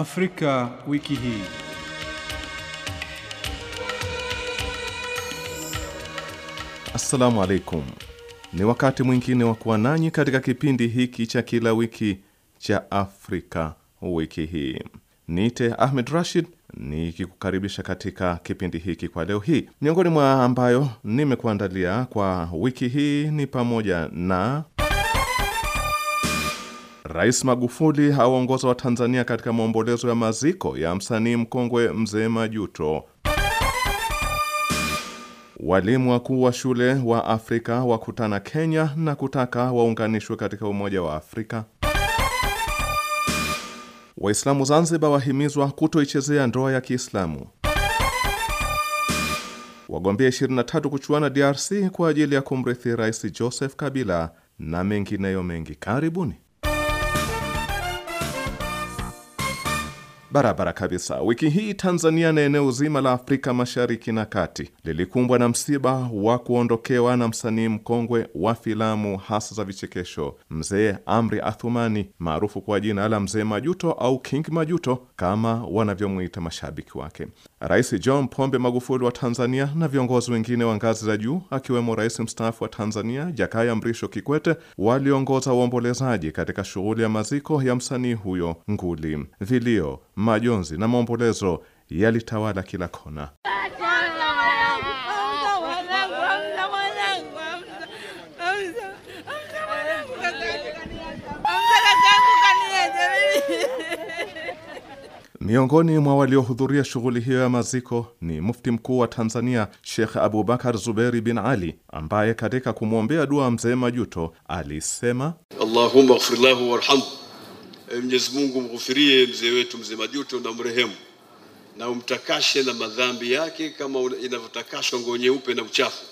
Afrika wiki hii. Assalamu alaikum. Ni wakati mwingine wa kuwa nanyi katika kipindi hiki cha kila wiki cha Afrika wiki hii. Niite Ahmed Rashid nikikukaribisha katika kipindi hiki kwa leo hii. Miongoni mwa ambayo nimekuandalia kwa wiki hii ni pamoja na Rais Magufuli awaongoza Watanzania katika maombolezo ya maziko ya msanii mkongwe Mzee Majuto. Walimu wakuu wa shule wa Afrika wakutana Kenya na kutaka waunganishwe katika Umoja wa Afrika. Waislamu Zanzibar wahimizwa kutoichezea ndoa ya Kiislamu. Wagombea 23 kuchuana DRC kwa ajili ya kumrithi Rais Joseph Kabila na mengineyo mengi. Karibuni. barabara kabisa. Wiki hii Tanzania na eneo zima la Afrika Mashariki na Kati lilikumbwa na msiba wa kuondokewa na msanii mkongwe wa filamu hasa za vichekesho, mzee Amri Athumani maarufu kwa jina la Mzee Majuto au King Majuto kama wanavyomwita mashabiki wake. Rais John Pombe Magufuli wa Tanzania na viongozi wengine wa ngazi za juu akiwemo rais mstaafu wa Tanzania Jakaya Mrisho Kikwete waliongoza uombolezaji katika shughuli ya maziko ya msanii huyo nguli vilio majonzi na maombolezo yalitawala kila kona. Miongoni mwa waliohudhuria shughuli hiyo ya maziko ni mufti mkuu wa Tanzania shekh Abubakar Zuberi bin Ali ambaye katika kumwombea dua mzee Majuto alisema Allahumma ighfir lahu warhamhu Eh, Mwenyezi Mungu mghufirie mzee wetu mzee Majuto na mrehemu na umtakashe na madhambi yake kama inavyotakashwa nguo nyeupe na uchafu,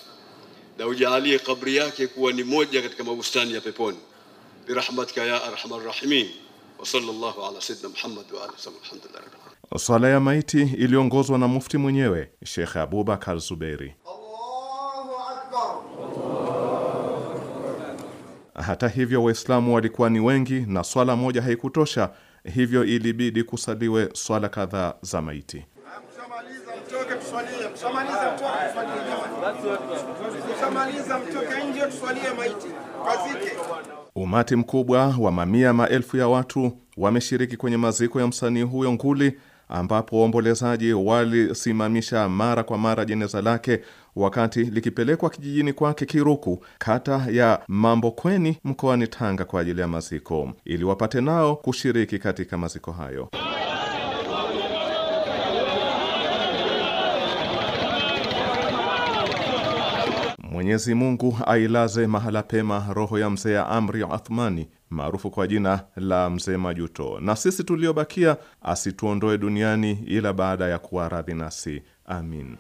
na ujaalie kabri yake kuwa ni moja katika mabustani ya peponi birahmatika ya arhamar rahimin wa sallallahu ala sayyidina Muhammad wa alihi wasallam. Alhamdulillah, swala ya maiti iliongozwa na mufti mwenyewe Sheikh Abubakar Zubeiri. Hata hivyo, Waislamu walikuwa ni wengi na swala moja haikutosha, hivyo ilibidi kusaliwe swala kadhaa za maiti. Umati mkubwa wa mamia maelfu ya watu wameshiriki kwenye maziko ya msanii huyo nguli ambapo waombolezaji walisimamisha mara kwa mara jeneza lake wakati likipelekwa kijijini kwake Kiruku, kata ya Mambokweni, mkoani Tanga kwa ajili ya maziko ili wapate nao kushiriki katika maziko hayo. Mwenyezi Mungu ailaze mahala pema roho ya mzee ya Amri Athmani maarufu kwa jina la mzee Majuto, na sisi tuliobakia asituondoe duniani ila baada ya kuwa radhi nasi, amin.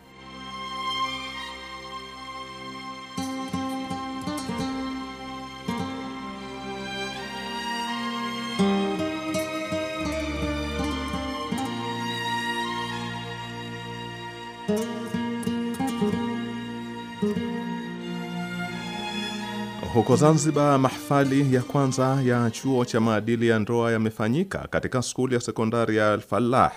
Huko Zanzibar, mahfali ya kwanza ya chuo cha maadili ya ndoa yamefanyika katika skuli ya sekondari ya Alfalah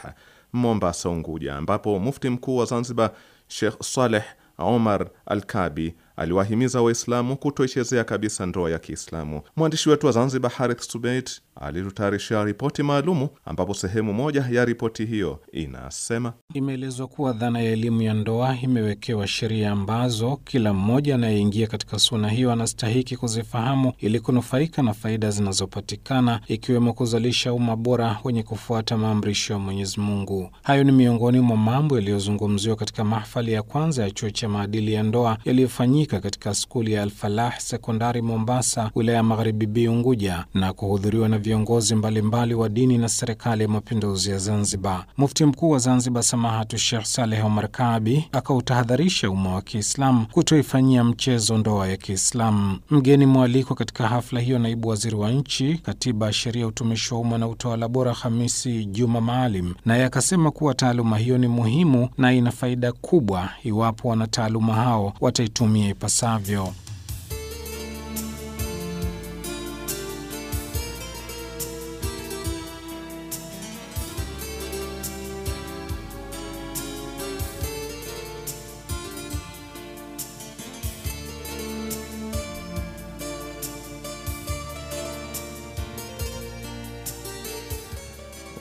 Mombasa, Unguja, ambapo mufti mkuu wa Zanzibar Sheikh Saleh Omar alkabi aliwahimiza Waislamu kutoichezea kabisa ndoa ya Kiislamu. Mwandishi wetu wa Zanzibar Harith Subeit alitutayarishia ripoti maalumu, ambapo sehemu moja ya ripoti hiyo inasema, imeelezwa kuwa dhana ya elimu ya ndoa imewekewa sheria ambazo kila mmoja anayeingia katika suna hiyo anastahiki kuzifahamu ili kunufaika na faida zinazopatikana, ikiwemo kuzalisha umma bora wenye kufuata maamrisho ya Mwenyezi Mungu. Hayo ni miongoni mwa mambo yaliyozungumziwa katika mahfali ya kwanza ya chuo cha maadili ya ndoa yaliyofanyika kufanyika katika skuli ya Alfalah Sekondari Mombasa, wilaya ya Magharibi B Unguja, na kuhudhuriwa na viongozi mbalimbali wa dini na serikali ya mapinduzi ya Zanzibar. Mufti mkuu wa Zanzibar Samahatu Sheikh Saleh Omar Kaabi akautahadharisha umma wa Kiislamu kutoifanyia mchezo ndoa ya Kiislamu. Mgeni mwalikwa katika hafla hiyo, naibu waziri wa nchi, katiba, sheria, utumishi wa umma na utawala bora, Hamisi Juma Maalim, naye akasema kuwa taaluma hiyo ni muhimu na ina faida kubwa iwapo wanataaluma hao wataitumia passável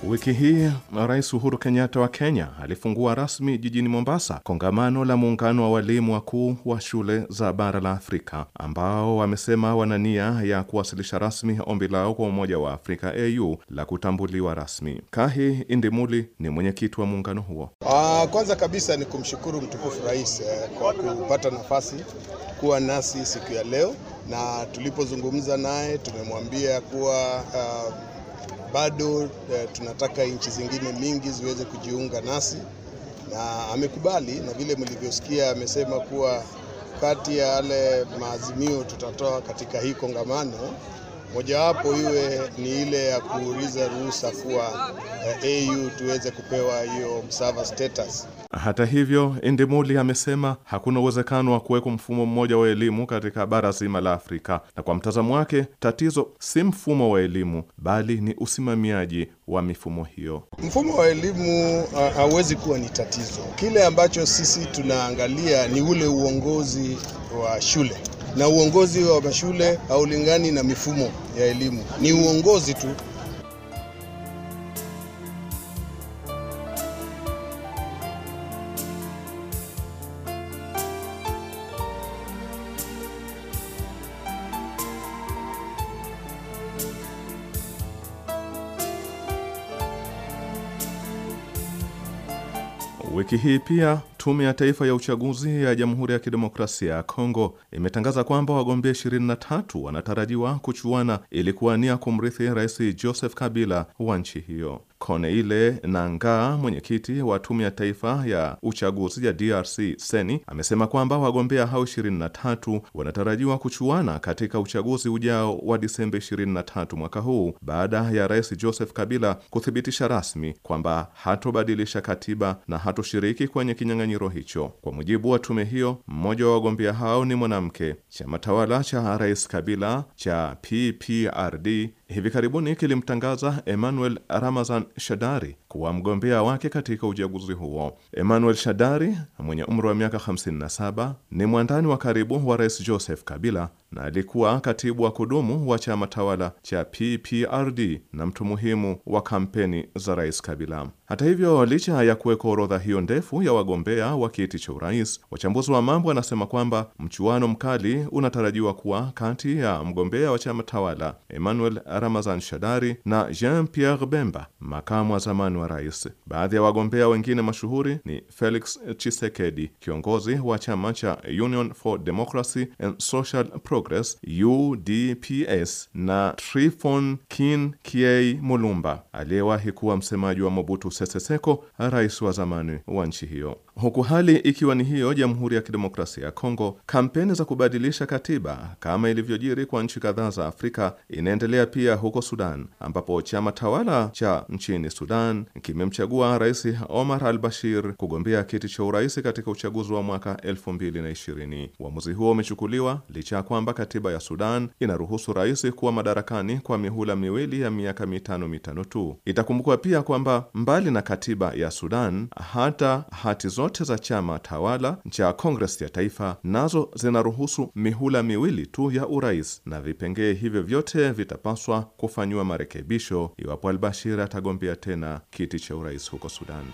Wiki hii Rais Uhuru Kenyatta wa Kenya alifungua rasmi jijini Mombasa kongamano la muungano wa walimu wakuu wa shule za bara la Afrika ambao wamesema wana nia ya kuwasilisha rasmi ombi lao kwa Umoja wa Afrika AU la kutambuliwa rasmi. Kahi Indimuli ni mwenyekiti wa muungano huo. Aa, ah, kwanza kabisa ni kumshukuru mtukufu rais eh, kwa kupata nafasi kuwa nasi siku ya leo, na tulipozungumza naye tumemwambia kuwa uh, bado eh, tunataka nchi zingine mingi ziweze kujiunga nasi, na amekubali, na vile mlivyosikia amesema kuwa kati ya yale maazimio tutatoa katika hii kongamano mojawapo iwe ni ile ya kuuliza ruhusa kuwa eh, AU tuweze kupewa hiyo observer status. Hata hivyo, Indimuli amesema hakuna uwezekano wa kuwekwa mfumo mmoja wa elimu katika bara zima la Afrika, na kwa mtazamo wake tatizo si mfumo wa elimu bali ni usimamiaji wa mifumo hiyo. Mfumo wa elimu uh, hauwezi kuwa ni tatizo. Kile ambacho sisi tunaangalia ni ule uongozi wa shule na uongozi wa mashule haulingani na mifumo ya elimu, ni uongozi tu Wiki hii pia Tume ya Taifa ya Uchaguzi ya Jamhuri ya Kidemokrasia ya Kongo imetangaza kwamba wagombea 23 wanatarajiwa kuchuana ili kuwania kumrithi Rais Joseph Kabila wa nchi hiyo koneile Nangaa, mwenyekiti wa tume ya taifa ya uchaguzi ya DRC Seni, amesema kwamba wagombea hao 23 wanatarajiwa kuchuana katika uchaguzi ujao wa Disemba 23 mwaka huu baada ya Rais Joseph Kabila kuthibitisha rasmi kwamba hatobadilisha katiba na hatoshiriki kwenye kinyang'anyiro hicho. Kwa mujibu wa tume hiyo, mmoja wa wagombea hao ni mwanamke. Chama tawala cha Rais Kabila cha PPRD hivi karibuni kilimtangaza Emmanuel Ramazan Shadari kuwa mgombea wake katika uchaguzi huo. Emmanuel Shadari mwenye umri wa miaka 57 ni mwandani wa karibu wa Rais Joseph Kabila na alikuwa katibu wa kudumu wa chama tawala cha PPRD na mtu muhimu wa kampeni za Rais Kabila. Hata hivyo, licha ya kuwekwa orodha hiyo ndefu ya wagombea wa kiti cha urais, wachambuzi wa mambo wanasema kwamba mchuano mkali unatarajiwa kuwa kati ya mgombea wa chama tawala Emmanuel Ramazan Shadari na Jean Pierre Bemba, makamu wa zamani wa rais. Baadhi ya wagombea wengine mashuhuri ni Felix chisekedi kiongozi wa chama cha Union for Democracy and Social Progress UDPS, na Trifon kin Kiei Mulumba aliyewahi kuwa msemaji wa Mobutu Sese Seko, rais wa zamani wa nchi hiyo. Huku hali ikiwa ni hiyo, Jamhuri ya Kidemokrasia ya Kongo, kampeni za kubadilisha katiba kama ilivyojiri kwa nchi kadhaa za Afrika inaendelea pia huko Sudan, ambapo chama tawala cha nchini Sudan kimemchagua Rais Omar al-Bashir kugombea kiti cha urais katika uchaguzi wa mwaka 2020. Uamuzi huo umechukuliwa licha ya kwamba katiba ya Sudan inaruhusu rais kuwa madarakani kwa mihula miwili ya miaka mitano mitano tu. Itakumbukwa pia kwamba mbali na katiba ya Sudan, hata hati zote zote za chama tawala cha Kongres ya Taifa nazo zinaruhusu mihula miwili tu ya urais, na vipengee hivyo vyote vitapaswa kufanyiwa marekebisho iwapo Albashir atagombea tena kiti cha urais huko Sudan.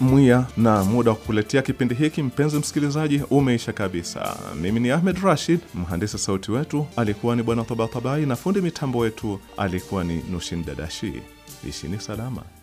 mwia na muda wa kukuletea kipindi hiki, mpenzi msikilizaji, umeisha kabisa. Mimi ni Ahmed Rashid, mhandisi sauti wetu alikuwa ni bwana Tabatabai na fundi mitambo wetu alikuwa ni Nushin Dadashi. Ishini salama.